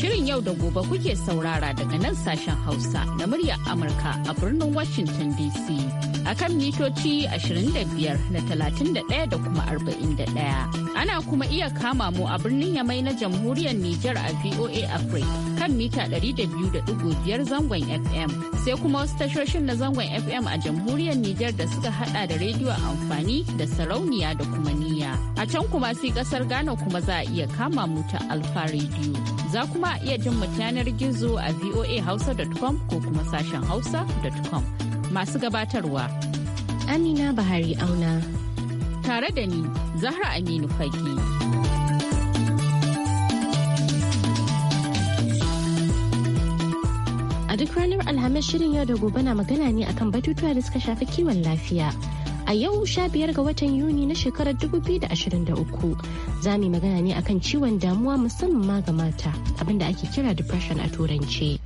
Shirin yau da gobe kuke saurara daga nan sashen Hausa na muryar Amurka a birnin Washington DC. A kan mitoci 25 na 31 da kuma 41. Ana kuma iya kama mu a birnin Yamai na Jamhuriyar Nijar a VOA Africa kan mita 200.5 zangon FM. Sai kuma wasu tashoshin na zangon FM a Jamhuriyar Nijar da suka hada da rediyo amfani da sarauniya da kuma ni. A can kuma sai kasar Ghana kuma za a iya kama mu ta Alfa Radio. Za kuma iya jin mu yanar gizo a voahausa.com ko kuma sashen hausa.com. Masu gabatarwa. Amina Bahari Auna. Tare da ni, Zahra Aminu Fage. duk ranar alhamis shirin yau da gobe na magana ne akan batutuwa da suka shafi kiwon lafiya a yau sha biyar ga watan yuni na shekarar 2023 za mu magana ne akan ciwon damuwa musamman ma ga mata abinda ake kira depression a turanci.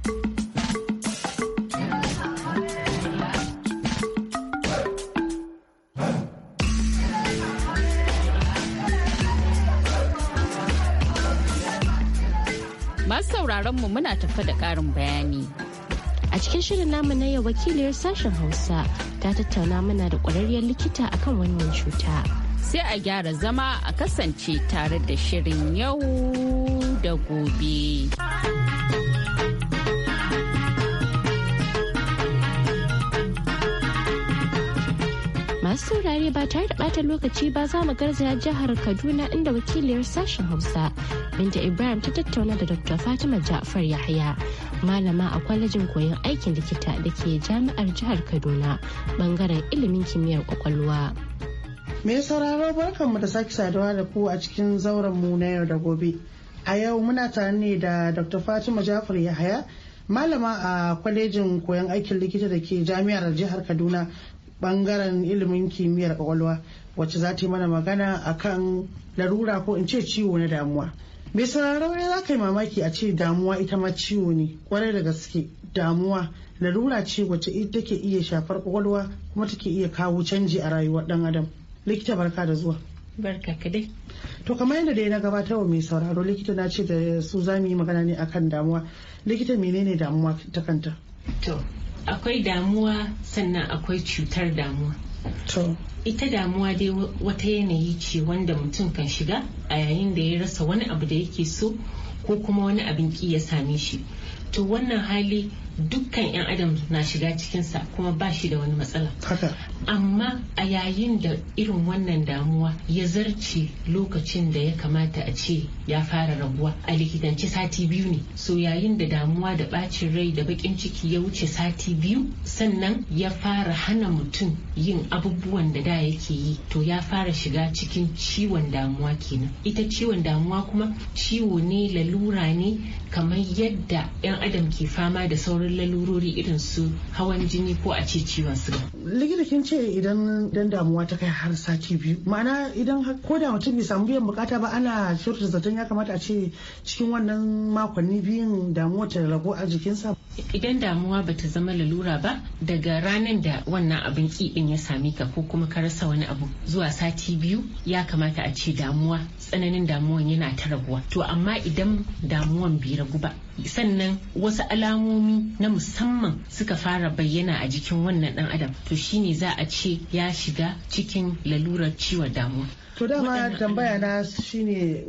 Masu sauraron mu muna tafa da ƙarin bayani. A cikin shirin namu na yau wakiliyar sashen Hausa ta tattauna mana da kwararriyar likita akan wannan cuta. Sai a gyara zama a kasance tare da shirin yau da gobe. masu saurare ba tare da ɓata lokaci ba za mu garzaya jihar kaduna inda wakiliyar sashen hausa binta ibrahim ta tattauna da dr fatima ja'far Yahaya malama a kwalejin koyon aikin likita da ke jami'ar jihar kaduna bangaren ilimin kimiyyar kwakwalwa mai sauraro mu da sake saduwa da ku a cikin zauren mu na yau da gobe a yau muna tare ne da dr fatima ja'far yahaya malama a kwalejin koyon aikin likita da ke jami'ar jihar kaduna bangaren ilimin kimiyyar kwakwalwa wacce za ta yi mana magana akan larura ko in ce ciwo na damuwa mai sauraro ya za ka yi mamaki a ce damuwa ita ma ciwo ne kwarai da gaske damuwa larura ce wacce ita ke iya shafar kwakwalwa kuma take iya kawo canji a rayuwar dan adam likita barka da zuwa barka ka dai to kamar yadda dai na gabatar wa mai sauraro likita na ce da su za mu yi magana ne akan damuwa likita menene damuwa ta kanta to akwai damuwa sannan akwai cutar damuwa ita damuwa dai wata yanayi ce wanda mutum kan shiga a yayin da ya rasa wani abu da yake so ko kuma wani abin ki ya same shi to wannan hali dukkan 'yan adam na shiga cikinsa kuma ba shi da wani matsala amma a yayin da irin wannan damuwa ya zarce lokacin da ya kamata a ce ya fara rabuwa a likitanci sati biyu ne so yayin da damuwa da bacin rai da bakin ciki ya wuce sati biyu sannan ya fara hana mutum yin abubuwan da da yake yi to ya fara shiga cikin ciwon damuwa kenan ita ciwon damuwa kuma ciwo ne lalura ne kamar yadda 'yan adam ke fama da sauran sauran lalurori irin su hawan jini ko a ce ciwon suga. likita kin ce idan dan damuwa ta kai har sati biyu ma'ana idan ko da mutum bai samu biyan bukata ba ana shirta zaton ya kamata a ce cikin wannan makonni biyun damuwa ta ragu a jikinsa. idan damuwa ba ta zama lalura ba daga ranar da wannan abin kiɗin ya same ka ko kuma ka rasa wani abu zuwa sati biyu ya kamata a ce damuwa tsananin damuwan yana ta raguwa to amma idan damuwan bai ragu ba sannan wasu alamomi na musamman suka fara bayyana a jikin wannan dan adam to shine za a ce ya shiga cikin lalurar ciwon damuwa to dama tambaya na shine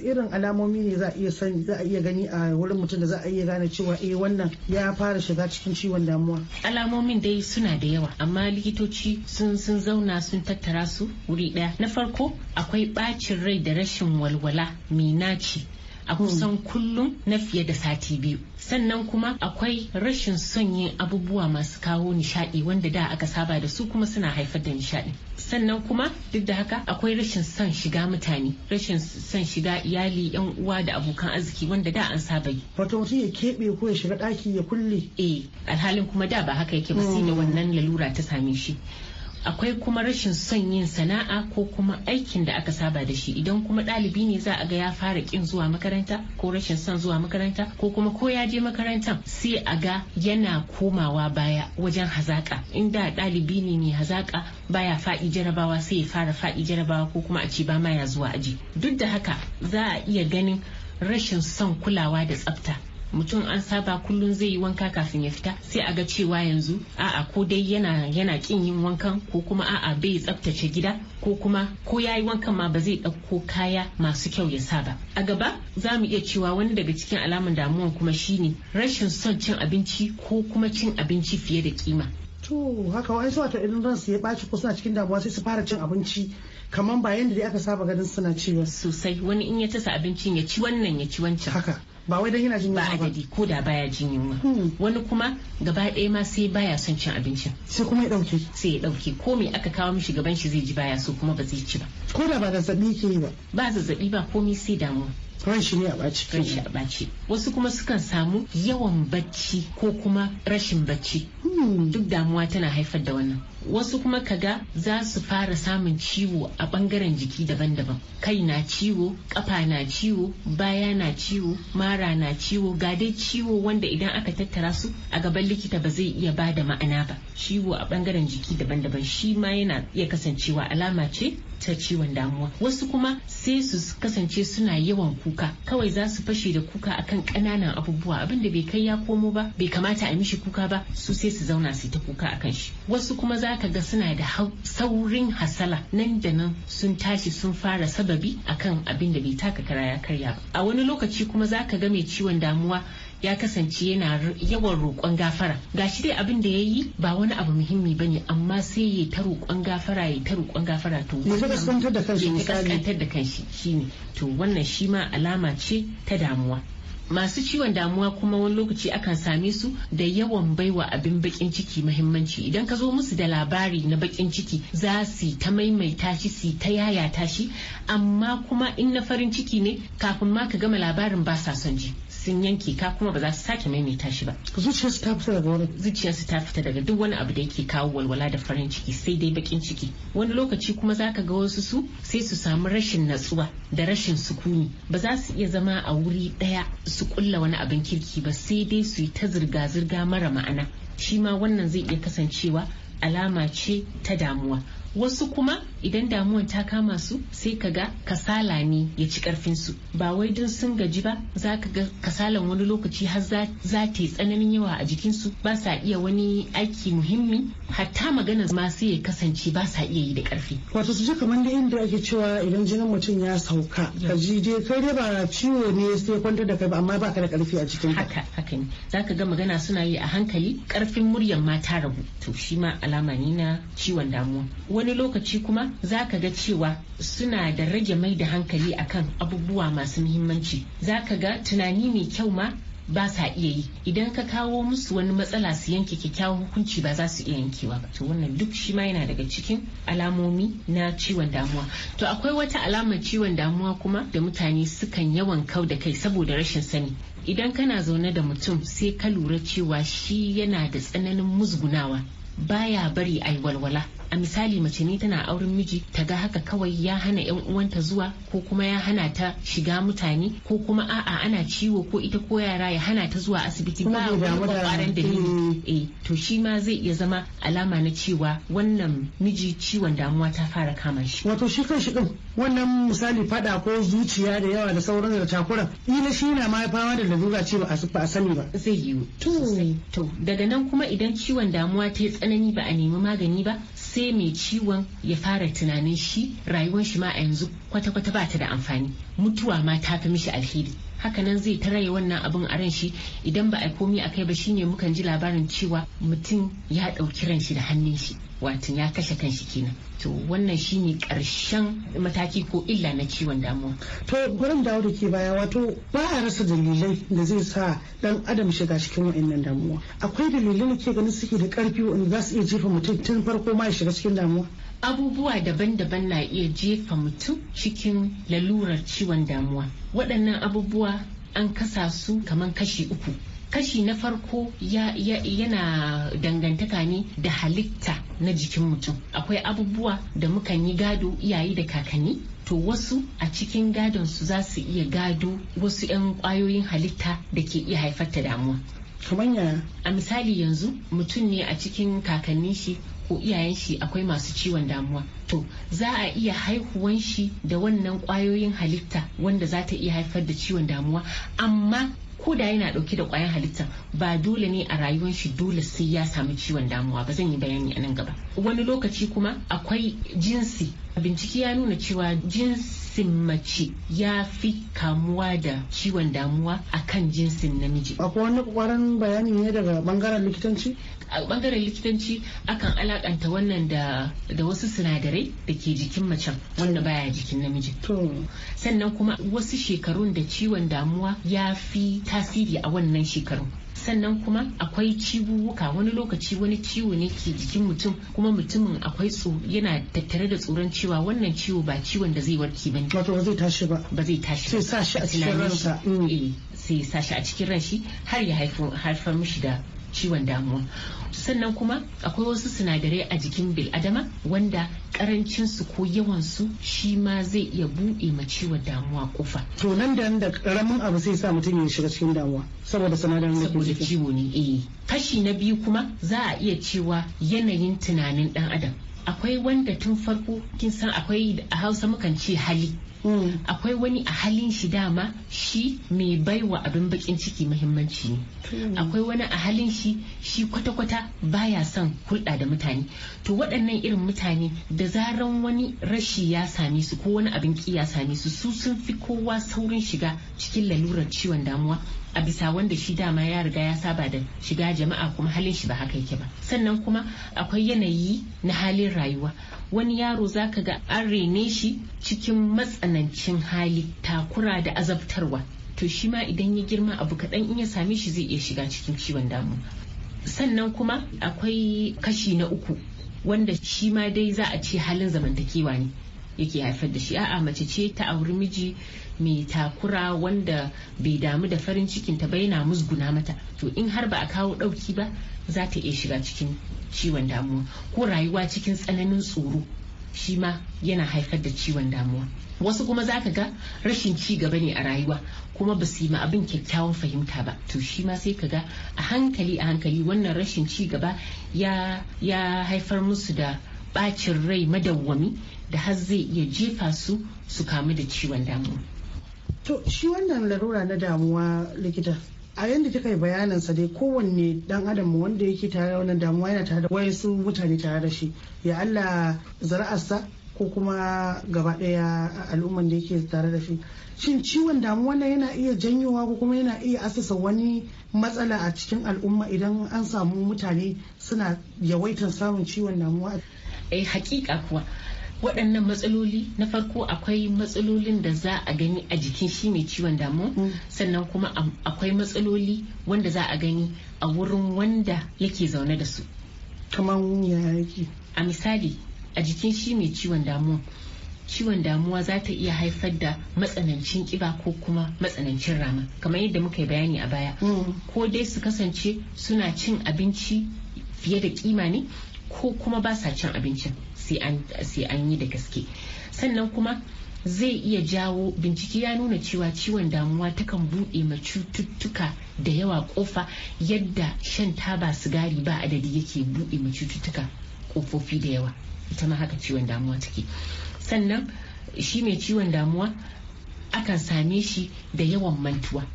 irin alamomi ne za a iya gani a wurin mutum da za a iya gane cewa eh wannan ya fara shiga cikin ciwon damuwa alamomin dai suna da yawa amma likitoci sun sun zauna sun tattara su wuri daya na farko akwai bacin rai da rashin walwala minaci a kusan hmm. kullum na fiye da sati biyu sannan kuma akwai rashin son yin abubuwa masu kawo nishaɗi wanda da aka saba da su kuma suna haifar da nishaɗi sannan kuma duk da haka akwai rashin son shiga mutane rashin son shiga iyali yan uwa da abokan arziki wanda da an saba yi wato mutum ya keɓe ko ya shiga ɗaki ya kulle eh alhalin kuma da ba haka yake ba sai da hmm. wannan lalura ta same shi akwai kuma rashin son yin sana'a ko kuma aikin da aka saba da shi idan kuma ɗalibi ne za a ga ya fara ƙin zuwa makaranta ko rashin son zuwa makaranta ko kuma ko ya je makarantan sai a ga yana komawa baya wajen hazaka da ɗalibi ne mai hazaka baya faɗi jarabawa sai ya fara faɗi jarabawa ko kuma a ce ba ma ya zuwa aji duk da haka za a iya ganin rashin son kulawa da tsafta mutum an saba kullum zai yi wanka kafin ya fita sai a ga cewa yanzu a'a ko dai yana yana kin yin wankan ko kuma a'a bai tsaftace gida ko kuma ko yayi wankan ma ba zai ɗauko kaya masu kyau ya saba a gaba za mu iya cewa wani daga cikin alamun damuwa kuma shine rashin son cin abinci ko kuma cin abinci fiye da kima to haka su wata idan ransu ya ɓaci ko suna cikin damuwa sai su fara cin abinci kamar ba yadda dai aka saba ganin suna cewa sosai wani in ya tasa abincin ya ci wannan ya ci wancan haka ba wai dan yana jin yunwa ba adadi ko da baya jin yunwa hmm. wani kuma gaba ɗaya ma sai baya son cin abincin sai kuma ya dauke sai ya dauke ko me aka kawo mishi gaban shi zai ji baya so kuma ba zai ci ba ko da ba zazzabi ke ba ba zazzabi ba komai sai damuwa ran shi ne a ɓaci ran shi a ɓaci wasu kuma sukan samu yawan bacci ko kuma rashin bacci hmm. duk damuwa tana haifar da wannan wasu kuma kaga za su fara samun ciwo a bangaren jiki daban-daban kai na ciwo kafa na ciwo baya na ciwo mara na ciwo ga dai ciwo wanda idan aka tattara su a gaban likita ba zai iya bada ma'ana ba ciwo a bangaren jiki daban-daban shi ma yana iya kasancewa alama ce ta ciwon damuwa wasu kuma sai su kasance suna yawan kuka kuka kawai za su fashe da kuka akan ƙananan abubuwa abin da bai kai ya komo ba bai kamata a mishi kuka ba su sai su zauna su ta kuka akan shi wasu kuma za ka ga suna da saurin hasala nan da nan sun tashi sun fara sababi akan abin da bai taka kara ya karya ba a wani lokaci kuma za ka ga mai ciwon damuwa ya kasance yana yawan roƙon gafara Ga shi dai abin da ya yi ba wani abu muhimmi ba ne amma sai ya ta roƙon gafara ya ta roƙon gafara to ya kaskantar da kanshi shi kaskantar da to wannan shi ma alama ce ta damuwa masu ciwon damuwa kuma wani lokaci akan same su da yawan baiwa abin bakin ciki mahimmanci idan ka zo musu da labari na bakin ciki za su ta maimaita shi su ta yayata shi amma kuma in na farin ciki ne kafin ma ka gama labarin ba sa son ji sun yanke ka kuma ba za su sake maimaita shi ba zuciyarsu ta fita daga wani zuciyarsu ta fita daga duk wani abu da yake kawo walwala da farin ciki sai dai bakin ciki wani lokaci kuma za ka ga wasu su sai su samu rashin natsuwa da rashin sukuni ba za su iya zama a wuri daya su kulla wani abin kirki ba sai dai su yi ta zirga-zirga mara ma'ana shi ma wannan zai iya kasancewa alama ce ta damuwa wasu kuma idan damuwan ta kama su sai ka ga kasala ne ya ci karfinsu ba wai don sun gaji ba za ka ga kasalan wani lokaci har za ta yi tsananin yawa a jikinsu ba sa iya wani aiki muhimmi hatta magana ma sai ya kasance ba sa iya yi da karfi wato su ji kamar da inda ake cewa idan jinin mutum ya sauka ka ji dai kai dai ba ciwo ne sai kwantar da kai ba amma ba ka da karfi a jikin haka haka ne za ka ga magana suna yi a hankali karfin muryan ma ta rabu to shi ma alama ne na ciwon damuwa wani lokaci kuma za ka ga cewa suna da rage mai da hankali akan abubuwa masu muhimmanci za ka ga tunani mai kyau ma ba sa iya yi idan ka kawo musu wani matsala su yanke kyakkyawan hukunci ba za su iya yankewa ba to wannan duk shi ma yana daga cikin alamomi na ciwon damuwa to akwai wata alamar ciwon damuwa kuma da mutane sukan yawan kau da kai saboda rashin sani idan kana zaune da mutum sai ka lura cewa shi yana da tsananin musgunawa baya bari ai walwala a misali mace ne tana auren miji ta ga haka kawai ya hana yan uwanta zuwa ko kuma ya hana ta shiga mutane ko kuma a'a ana ciwo ko ita ko yara ya hana ta zuwa asibiti ba wani kwakwaran dalili eh to shi ma zai iya zama alama na cewa wannan miji ciwon damuwa ta fara kama shi wato shi kan shi din wannan misali fada ko zuciya da yawa da sauran da takura ila shi na ma fama da lalura ce ba a sani ba zai yiwu to daga nan kuma idan ciwon damuwa ta yi tsanani ba a nemi magani ba sai mai ciwon ya fara tunanin shi rayuwar shi ma a yanzu kwata-kwata ba ta da amfani mutuwa ma ta fi mishi alheri hakanan zai ta wannan abin a ran shi idan ba a komi a kai ba shine mukan ji labarin cewa mutum ya ɗauki ran shi da hannun shi watan ya kashe kan shi kenan to wannan shine karshen mataki ko illa na ciwon damuwa to gurin dawo da ke baya wato ba a rasa dalilai da zai sa dan adam shiga cikin wa'annan damuwa akwai dalilai da ke ganin suke da karfi wanda za su iya jefa mutum tun farko ma ya shiga cikin damuwa abubuwa daban-daban na iya jefa mutum cikin lalurar ciwon damuwa waɗannan abubuwa an kasa su kamar kashi uku kashi na farko yana dangantaka ne da halitta na jikin mutum akwai abubuwa da mukan yi gado iyaye da kakanni to wasu a cikin gadon su za su iya gado wasu 'yan kwayoyin halitta da ke iya haifar da damuwa kamar ya a misali yanzu mutum ne a cikin kakannin shi ko iyayen shi akwai masu ciwon damuwa to za a iya haihuwan shi da wannan kwayoyin halitta wanda za ta iya haifar da ciwon damuwa amma ko da yana dauke da kwayan halitta ba dole ne a rayuwar shi dole sai ya samu ciwon damuwa ba zan yi bayani a nan gaba wani lokaci kuma akwai jinsi bincike ya nuna cewa jinsin mace ya fi kamuwa da ciwon damuwa akan jinsin namiji akwai wani kwaran bayani ne daga bangaren likitanci a bangaren likitanci akan alakanta wannan da wasu sinadarai da ke jikin macen wanda baya jikin namiji sannan kuma wasu shekarun da ciwon damuwa ya fi tasiri a wannan shekaru. sannan kuma akwai ciwuwuka wani lokaci wani ciwo ne ke jikin mutum kuma mutumin akwai tso yana tattare da tsoron cewa wannan ciwo ba ciwon da zai warke ba wato ba zai tashi ba ba zai tashi sai sa shi a cikin ransa mm. eh, sai sa shi a cikin ran har ya haifar mishi da ciwon damuwa sannan kuma akwai wasu sinadarai a jikin bil'adama wanda karancin ko yawan su shi ma zai iya buɗe ma ciwon damuwa kofa to nan da da karamin abu sai sa mutum ya shiga cikin damuwa saboda sinadarin da ke ciwo ne eh kashi na biyu kuma za a iya cewa yanayin tunanin dan adam akwai wanda tun farko kin san akwai a hausa mukan ce hali Mm. akwai wani a halin shi dama shi mai baiwa abin bakin ciki muhimmanci ne mm. akwai wani a halin shi shi kwata-kwata baya son hulɗa da mutane to waɗannan irin mutane da zaran wani rashi ya same su ko wani abin ki ya same su su sun fi kowa saurin shiga cikin lalurar ciwon damuwa a bisa wanda shi dama ya riga ya saba da shiga jama'a kuma halin shi ba haka yake ba sannan kuma akwai yanayi na halin rayuwa wani yaro zaka ga an rene shi cikin matsanancin hali takura da azabtarwa to shi ma idan ya girma abu kaɗan in ya same shi zai iya shiga cikin ciwon damu sannan kuma akwai kashi na uku wanda shi ma dai za a ce halin zamantakewa ne yake haifar da shi a'a mace ce ta auri miji mai takura wanda bai damu da farin cikin ta ba yana musguna mata to in har ba a kawo ɗauki ba za ta iya shiga cikin ciwon damuwa ko rayuwa cikin tsananin tsoro shi ma yana haifar da ciwon damuwa wasu kuma za ka ga rashin ci gaba ne a rayuwa kuma ba su yi ma abin kyakkyawan fahimta ba to shi ma sai ka ga a hankali a hankali wannan rashin ci gaba ya haifar musu da bacin rai madawwami da har zai iya jefa su su kamu da ciwon damuwa. To shi wannan larura na damuwa likita a yadda kika yi bayanin sa dai kowanne dan adam wanda yake tare da wannan damuwa yana tare da su mutane tare da shi ya Allah zara'arsa ko kuma gaba daya al'umman da yake tare da shi shin ciwon damuwa nan yana iya janyowa ko kuma yana iya asasa wani matsala a cikin al'umma idan an samu mutane suna yawaitar samun ciwon damuwa eh hakika kuwa waɗannan matsaloli na farko akwai matsalolin da za a gani a jikin shi mai ciwon damu mm. sannan kuma akwai matsaloli wanda za a gani a wurin wanda yake zaune da su kamar a misali a jikin shi mai ciwon damuwa ciwon damuwa za ta iya haifar da matsanancin kiba ko kuma matsanancin rama kamar yadda muka yi bayani a baya mm. ko dai su kasance suna cin abinci fiye da kima ne ko kuma ba sa cin abincin sai an yi da gaske sannan kuma zai iya jawo bincike ya nuna cewa ciwon damuwa takan buɗe ma cututtuka da yawa kofa yadda shan taba sigari ba adadi yake buɗe ma cututtuka kofofi da yawa ita ma haka ciwon damuwa take sannan shi mai ciwon damuwa akan same shi da yawan mantuwa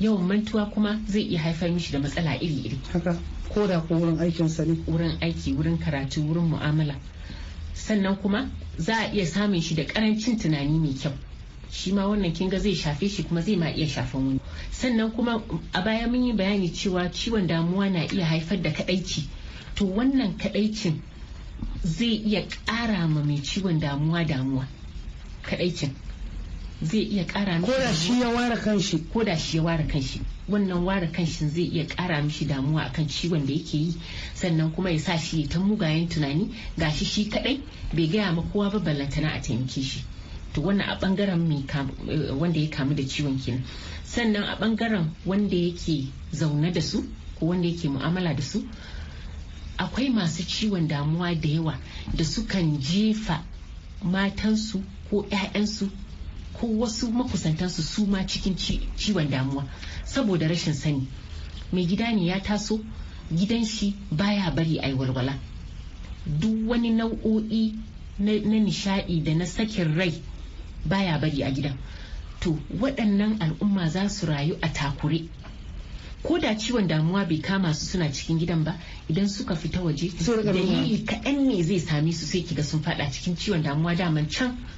yawan mantuwa kuma zai iya haifar mishi da matsala iri-iri ko da ko wurin aikinsa ne wurin aiki wurin karatu wurin mu'amala sannan kuma za a iya samun shi da karancin tunani mai kyau shi ma wannan kinga zai shafe shi kuma zai ma iya shafan wani sannan kuma a baya mun yi bayani cewa ciwon damuwa na iya haifar da kadaici to wannan kadaicin zai iya ƙara ma mai ciwon damuwa damuwa kadaicin zai iya kara mishi koda shi ya ware kanshi koda shi ya ware kanshi wannan ware kanshi zai iya kara mishi damuwa akan ciwon da yake yi sannan kuma ya sa shi ya ta mugayen tunani ga shi shi kadai bai gaya ma kowa ba ballantana a taimake shi to wannan a bangaren eh, wanda ya kamu da ciwon kenan sannan a bangaren wanda yake zaune da su ko wanda yake mu'amala da su akwai masu ciwon damuwa da yawa da sukan jefa matansu ko 'ya'yansu ko wasu makusantan su suma cikin ciwon damuwa saboda rashin sani mai gida ne ya taso gidan shi baya bari a walwala duk wani nau'o'i na nishadi da na sakin rai baya bari a gidan to waɗannan al'umma za su rayu a takure ko da ciwon damuwa bai kama su suna cikin gidan ba idan suka fita waje da yi kaɗan ne zai same su sai kiga sun faɗa cikin ciwon damuwa daman can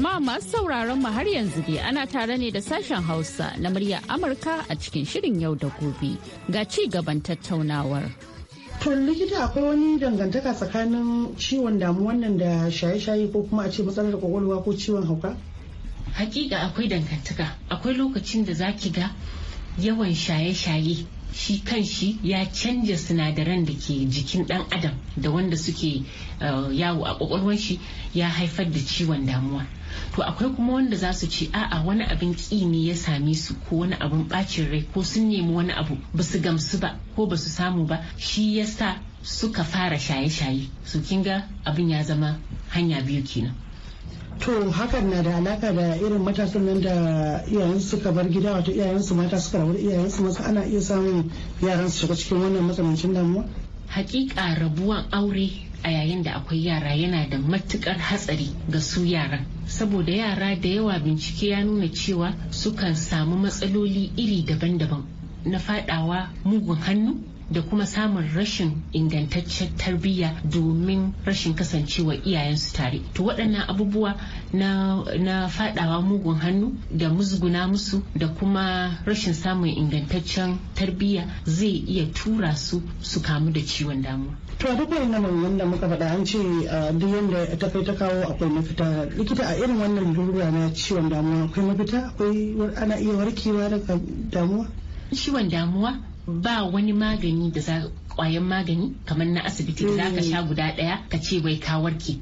Jama'a masu sauraron mu har yanzu dai ana tare ne da sashen Hausa na muryar Amurka a cikin shirin yau da gobe ga ci gaban tattaunawar. To likita akwai wani dangantaka tsakanin ciwon damuwan nan da shaye-shaye ko kuma a ce matsalar kwakwalwa ko ciwon hauka? Hakika akwai dangantaka akwai lokacin da zaki ga yawan shaye-shaye shi kan shi ya canja sinadaran da ke jikin dan adam da wanda suke uh, yawo a kwakwalwar shi ya haifar da ciwon damuwa to akwai kuma wanda za su ce a'a wani abin ƙi ya same su ko wani abin bacin rai ko sun nemi wani abu ba su gamsu ba ko ba su samu ba shi ya sa suka fara shaye-shaye su kinga abin ya zama hanya biyu kenan to hakan na da alaka da irin matasan nan da iyayen suka bar gida wato iyayen su mata suka rabu da iyayen su masu ana iya samun yaran su shiga cikin wannan matsanancin damuwa hakika rabuwan aure a yayin da akwai yara yana da matukar hatsari ga su yaran saboda yara da yawa bincike ya nuna cewa sukan samu matsaloli iri daban-daban na fadawa mugun hannu da kuma samun rashin ingantaccen tarbiyya domin rashin kasancewa iyayensu tare to waɗannan abubuwa na, na fadawa mugun hannu da musguna musu da kuma rashin samun ingantaccen tarbiyya zai iya tura su su kamu da ciwon damuwa to duk nan wanda muka faɗa an ce duk yanda ta kai ta kawo akwai mafita likita a irin wannan lura na ciwon damuwa akwai mafita akwai ana iya warkewa daga damuwa ciwon damuwa ba wani magani da za kwayan magani kamar na asibiti da ka mm. sha guda daya ka ce wai kawar ki.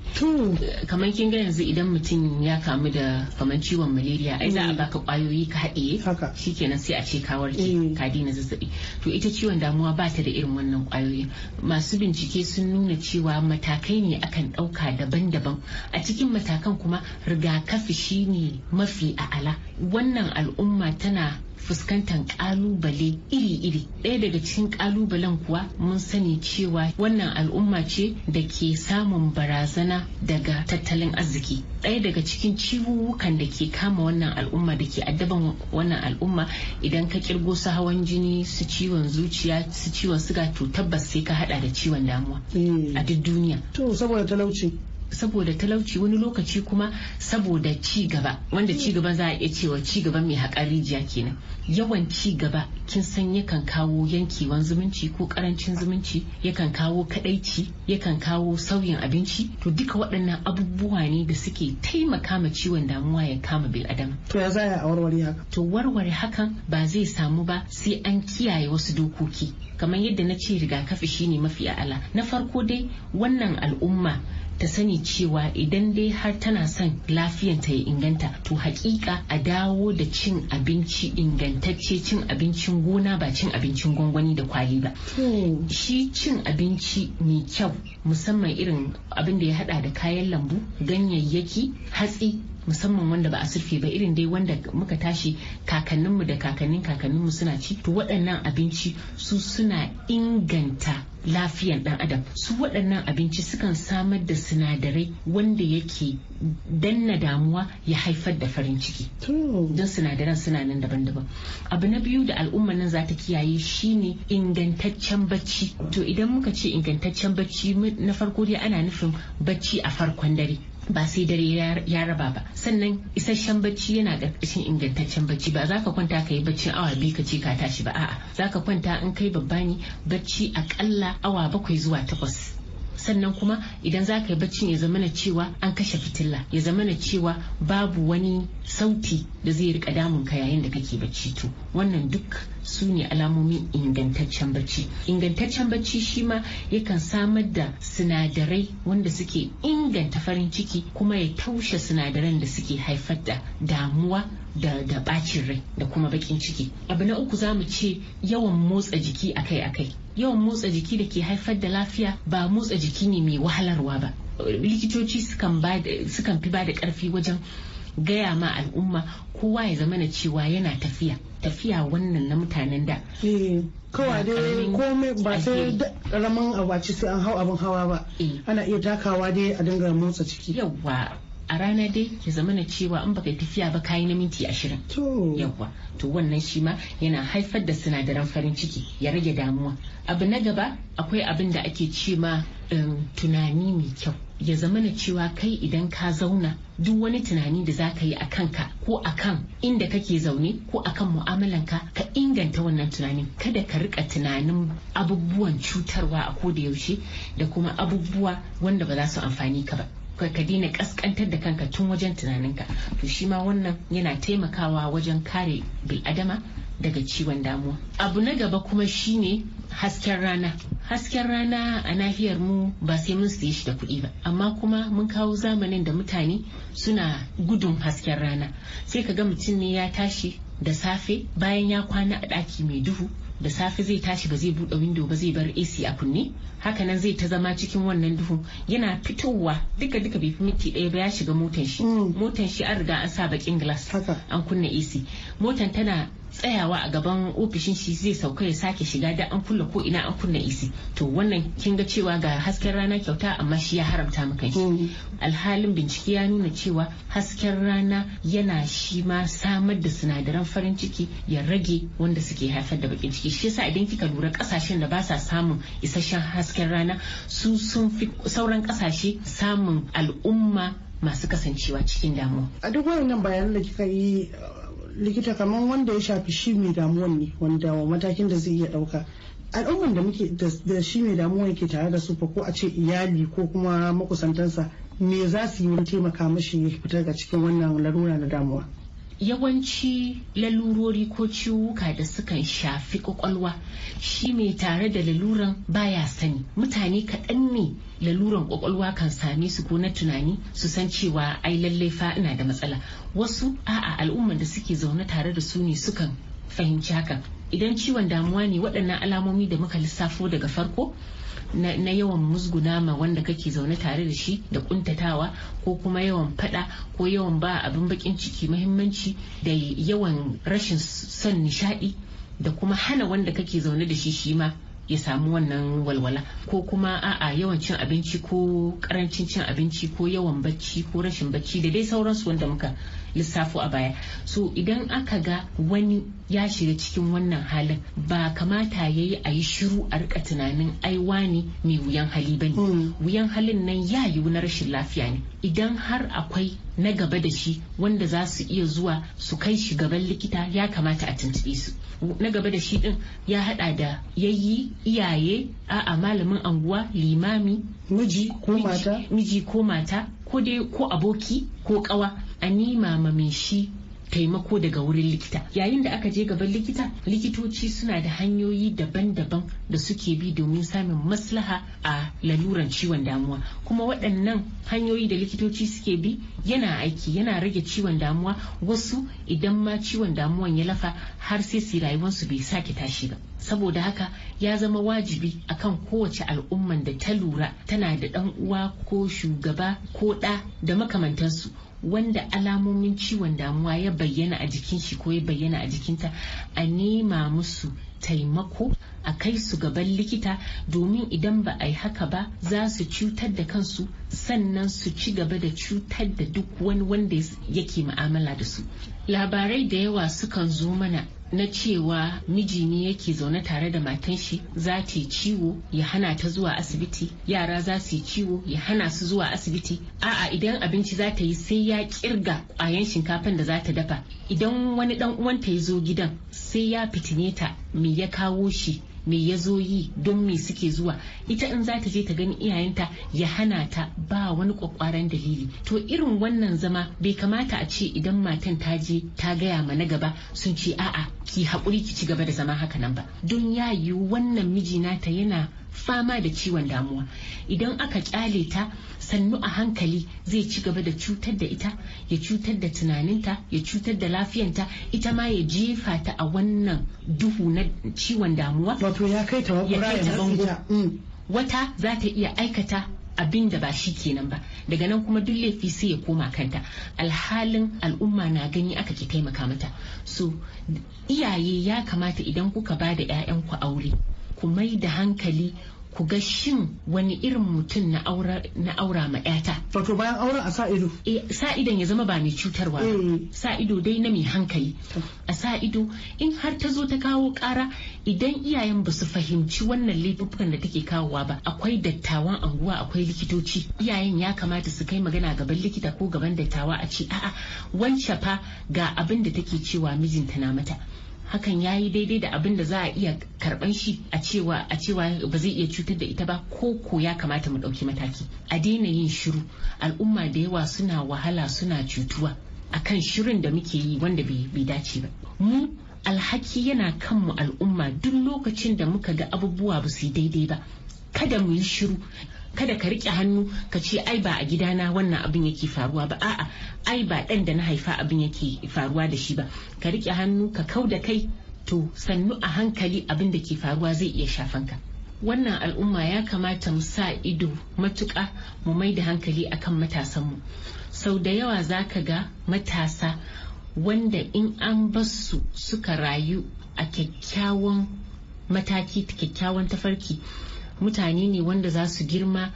kamar kin ga yanzu idan mutum ya kamu da kamar ciwon malaria ai za a mm. baka kwayoyi ka haɗiye shikenan sai a ce kawarki ki. Mm. ka daina zazzabi to ita ciwon damuwa ba ta da irin wannan kwayoyi masu bincike sun nuna cewa matakai ne akan ɗauka daban-daban a cikin matakan kuma rigakafi shine mafi a'ala wannan al'umma tana fuskantar kalubale iri-iri ɗaya daga cikin kalubalen kuwa mun sani cewa wannan al'umma ce da ke samun barazana daga tattalin arziki ɗaya daga cikin ciwuwukan da ke kama wannan al'umma da ke addaban wannan al'umma idan ka kirgo su hawan jini su ciwon zuciya su ciwon suga to tabbas sai ka hada da ciwon damuwa mm. a duk duniya to saboda talauci saboda talauci wani lokaci kuma saboda ci gaba wanda mm. ci gaba za a iya cewa ci gaba mai haƙar rijiya kenan yawan ci gaba kin san yakan kawo yankewan zumunci ko karancin zumunci yakan kawo kadaici yakan kawo sauyin abinci to duka waɗannan abubuwa ne da suke taimaka ma ciwon damuwa ya kama bil adam to ya zaya a warware haka to warware hakan ba zai samu ba sai an kiyaye wasu dokoki kamar yadda na ce rigakafi shine mafi a'ala na farko dai wannan al'umma ta sani cewa idan dai har tana son lafiyanta ya inganta to hakika a dawo da cin abinci ingantacce cin abincin gona ba cin abincin gwangwani da kwali ba hmm. shi cin abinci mai kyau musamman irin abin da ya hada da kayan lambu ganyayyaki hatsi musamman wanda ba a surfe ba irin dai wanda muka tashi kakanninmu da kakannin kakanninmu suna ci to waɗannan abinci su suna inganta lafiyan ɗan adam su waɗannan abinci sukan samar da sinadarai wanda yake danna damuwa ya haifar da farin ciki don sinadaran suna nan daban-daban abu na biyu da al'umma nan za ta kiyaye shine ingantaccen bacci to idan muka ce ingantaccen bacci na farko dai ana nufin bacci a farkon dare ba sai dare ya raba ba sannan isasshen bacci yana ƙarƙashin ingantaccen bacci ba za ka kwanta ka yi baccin awa biyu ka ce ka tashi ba a'a za ka kwanta in kai babba ne bacci aƙalla awa bakwai zuwa takwas sannan kuma idan za ka yi baccin ya zamana cewa an kashe fitila ya zamana cewa babu wani sauti da zai rika damun ka yayin da kake bacci to wannan duk su ne alamomin ingantaccen bacci ingantaccen bacci shi ma yakan samar da sinadarai wanda suke inganta farin ciki kuma ya taushe sinadaran da suke haifar da damuwa da da bacin rai da kuma bakin ciki abu na uku za mu ce yawan motsa jiki akai-akai yawan motsa jiki da ke haifar da lafiya ba motsa jiki ne mai wahalarwa ba likitoci sukan fi ba da karfi wajen gaya ma al'umma kowa ya zama na cewa yana tafiya tafiya wannan na mutanen da eh, kawai dai komai ba sai karamin abaci sai an hau abin hawa ba eh. ana iya takawa dai a dinga motsa ciki yawwa a rana dai ya zama na cewa in baka tafiya ba kayi na minti ashirin yawwa to wannan shi ma yana haifar da sinadaran farin ciki ya rage damuwa abu na gaba akwai abin da ake ce ma um, tunani mai kyau ya zama na cewa kai idan ka zauna duk wani tunani da za ka yi a kanka ko a kan inda kake zaune ko a kan mu'amalanka ka inganta wannan tunanin kada ka rika tunanin abubuwan cutarwa a koda yaushe da kuma abubuwa wanda ba za su amfani ka ba ka daina kaskantar da kanka tun wajen tunaninka to shi ma wannan yana taimakawa wajen kare bil'adama daga ciwon damuwa abu na gaba kuma shine hasken rana hasken rana a nahiyar mu ba sai mun siye shi da kuɗi ba amma kuma mun kawo zamanin da mutane suna gudun hasken rana sai ka ga mutum ne ya tashi da safe bayan ya kwana a ɗaki mai duhu da safe zai tashi ba zai buɗe windo ba zai bar ac a kunne hakanan zai ta zama cikin wannan duhu yana fitowa duka duka bai fi minti ɗaya ba ya shiga motan shi mm. motan shi an riga an sa bakin glass an kunna ac motan tana tsayawa a gaban ofishin shi zai sauka ya sake shiga da an kulla ko ina an kunna isi to wannan kin ga cewa ga hasken rana kyauta amma shi ya haramta maka shi mm. alhalin bincike ya nuna cewa hasken rana yana shi ma samar da sinadaran farin ciki ya rage wanda suke haifar da bakin ciki shi yasa idan kika lura kasashen da ba sa samun isasshen hasken rana su sun fi sauran kasashe samun al'umma masu kasancewa cikin damuwa a duk wannan bayanan da kika yi likita kamar wanda ya shafi shi mai damuwan ne wanda matakin da zai iya dauka al'umman da muke da shi mai damuwa yake tare da su fa ko a ce iyali ko kuma makusantansa me za su yi wurin taimaka mashi ya fita daga cikin wannan larura na damuwa yawanci lalurori ko ciwuka da sukan shafi kwakwalwa shi mai tare da laluran baya sani mutane kaɗan ne laluran kwakwalwa kan same su ko na tunani su san cewa ai lallai fa ina da matsala wasu a'a al'umman da suke zaune tare da su ne sukan fahimci haka idan ciwon damuwa ne waɗannan alamomi da muka lissafo daga farko na yawan musguna ma wanda kake zaune tare da shi da kuntatawa ko kuma yawan fada ko yawan ba abin bakin ciki mahimmanci da yawan rashin son nishadi da kuma hana wanda kake zaune da shi shi ma ya samu wannan walwala ko kuma a'a yawan cin abinci ko karancin cin abinci ko yawan bacci ko rashin bacci da dai sauransu wanda muka lissafo a baya so idan aka ga wani ya shiga cikin wannan halin ba kamata ya yi a yi shiru a rika tunanin aiwa ne mai wuyan hali ba ne hmm. wuyan halin nan ya yi na rashin lafiya ne idan har akwai na gaba da shi wanda za su iya zuwa su kai shi gaban likita ya kamata a tuntuɓe su na gaba da shi din ya hada da yayi iyaye a'a malamin anguwa limami miji ko mata ko dai ko aboki ko kawa a nima ma mai shi taimako daga wurin likita yayin da aka je gaban likita likitoci suna da hanyoyi daban-daban da suke bi domin samun maslaha a laluran ciwon damuwa kuma waɗannan hanyoyi da likitoci suke bi yana aiki yana rage ciwon damuwa wasu idan ma ciwon damuwan ya lafa har sai su rayuwarsu bai sake tashi ba saboda haka ya zama wajibi akan kowace al'umman da ta lura tana da ɗan uwa ko shugaba ko ɗa da makamantansu wanda alamomin ciwon damuwa ya bayyana a jikin shi ko ya bayyana a jikinta a nema musu taimako a kai su gaban likita domin idan ba a yi haka ba za su cutar da kansu sannan su ci gaba da cutar da duk wani wanda yake ma'amala da su labarai da yawa sukan zo mana na cewa miji ne yake zaune tare da matan shi za ta ciwo ya hana ta zuwa asibiti yara za su yi ciwo ya hana su zuwa asibiti a'a idan abinci za ta yi sai ya kirga kwayan shinkafan da za ta dafa idan wani dan uwanta ya zo gidan sai ya fitine ta me ya kawo shi me ya zo yi don me suke zuwa ita in za ta je ta gani iyayenta ya hana ta ba wani kwakwaran dalili to irin wannan zama bai kamata a ce idan matan ta je ta gaya ma na gaba sun ce a'a ki haƙuri ki ci gaba da zama haka nan ba don ya yiwu wannan mijinata yana fama da ciwon damuwa idan aka kyale ta sannu a hankali zai ci gaba da cutar da ita ya cutar da tunaninta ya cutar da lafiyanta ita ma ya jefa ta a wannan duhu na ciwon damuwa wato ya kai ta bango. Mm. wata za ta iya aikata abin da ba shi kenan ba daga nan kuma duk laifi sai ya koma kanta alhalin al'umma na gani aka ki taimaka mata so iyaye ya kamata idan kuka ba da 'ya'yanku aure ku mai da hankali ku ga shin wani irin mutum na aura ma yata. Wato bayan auren a sa ido? Eh, sa idon ya zama ba mai cutarwa eh. Sa ido dai na mai hankali. A sa ido in har ta zo ta kawo kara idan iyayen ba su fahimci wannan laifukan da take kawowa ba akwai dattawan anguwa akwai likitoci iyayen ya kamata su kai magana gaban likita ko gaban dattawa a ce a'a wancan fa ga abin da take cewa mijinta na mata hakan ya yi daidai da abin da za a iya karban shi a cewa a cewa ba zai iya cutar da ita ba ko ko ya kamata mu ɗauki mataki a daina yin shiru al'umma da yawa suna wahala suna cutuwa a kan shirin da muke yi wanda bai dace ba mu alhaki yana kanmu al'umma duk lokacin da muka ga abubuwa ba su daidai ba kada mu yi shiru kada ka riƙe hannu ka ce ai ba a gidana wannan abin yake faruwa ba a'a ai ba dan da na haifa abin yake faruwa da shi ba ka riƙe hannu ka kau da kai to sannu a hankali abin da ke faruwa zai iya shafan ka wannan al'umma ya kamata mu sa ido matuƙa mu mai da hankali akan matasan mu. sau da yawa za ka ga matasa wanda in an basu suka rayu a kyakkyawan mataki kyakkyawan tafarki mutane ne wanda za su girma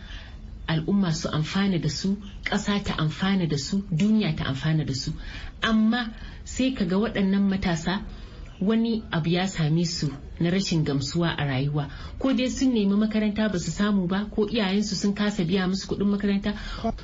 al'umma su amfana da su ƙasa ta amfana da su duniya ta amfana da su amma sai kaga waɗannan matasa wani abu ya same su na rashin gamsuwa a rayuwa ko dai sun nemi makaranta ba su samu ba ko iyayensu sun kasa biya musu kudin makaranta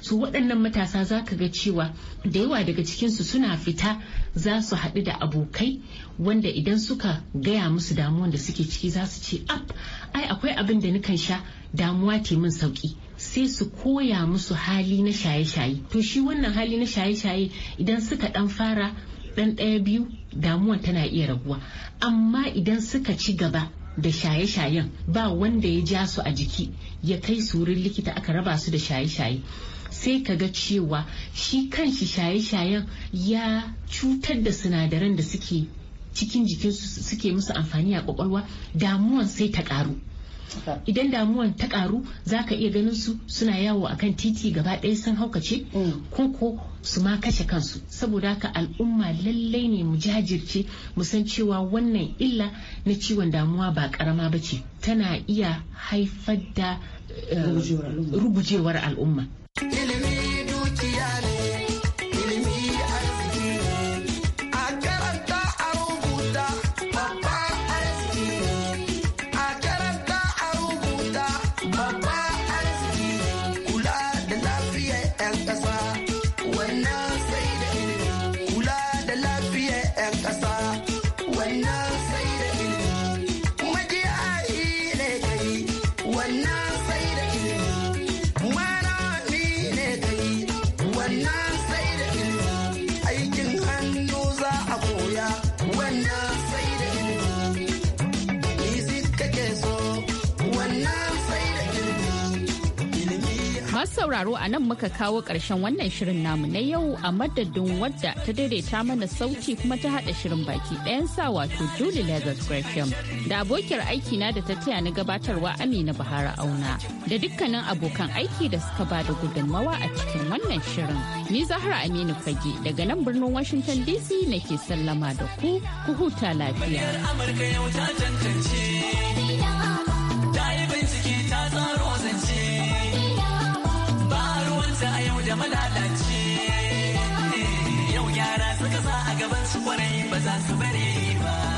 su waɗannan matasa za ka ga cewa da yawa daga cikinsu suna fita za su haɗu da abokai wanda idan suka gaya musu damuwan da suke ciki za su ce ap ai akwai abin da nukan sha damuwa te min sauki sai su koya musu hali na shaye-shaye to shi wannan hali na shaye-shaye idan suka ɗan fara ɗan ɗaya biyu damuwan tana iya raguwa amma idan suka ci gaba da shaye-shayen ba wanda ya ja su a jiki ya kai su wurin likita aka raba su da shaye-shaye sai ka ga cewa shi kanshi shaye-shayen ya cutar da sinadaran da suke cikin jikinsu suke musu amfani a kwakwalwa damuwan sai ta ƙaru. idan damuwan ta karu za ka iya ganin su suna yawo a kan titi gaba ɗaya sun haukace mm. ko ko su ma kashe kansu saboda haka al'umma lallai ne mu jajirce mu san cewa wannan illa na ciwon damuwa ba karama ba ce tana iya haifar da eh, rugujewar al'umma ilimi dukiya ne na sai Masu sauraro a nan muka kawo ƙarshen wannan shirin namu na yau a madadin wadda ta daidaita mana sauti kuma ta haɗa shirin baki ɗayan sa wato Julie Leathers Gresham da abokiyar aikina da ta taya ni gabatarwa Amina Bahara Auna da dukkanin abokan aiki da suka ba da gudunmawa a cikin wannan shirin. Ni Zahra Aminu Fage daga nan birnin Washington DC nake sallama da ku ku huta lafiya. su yau da malalaci eh, yau yara suka sa a gaban su kwarai ba za su bari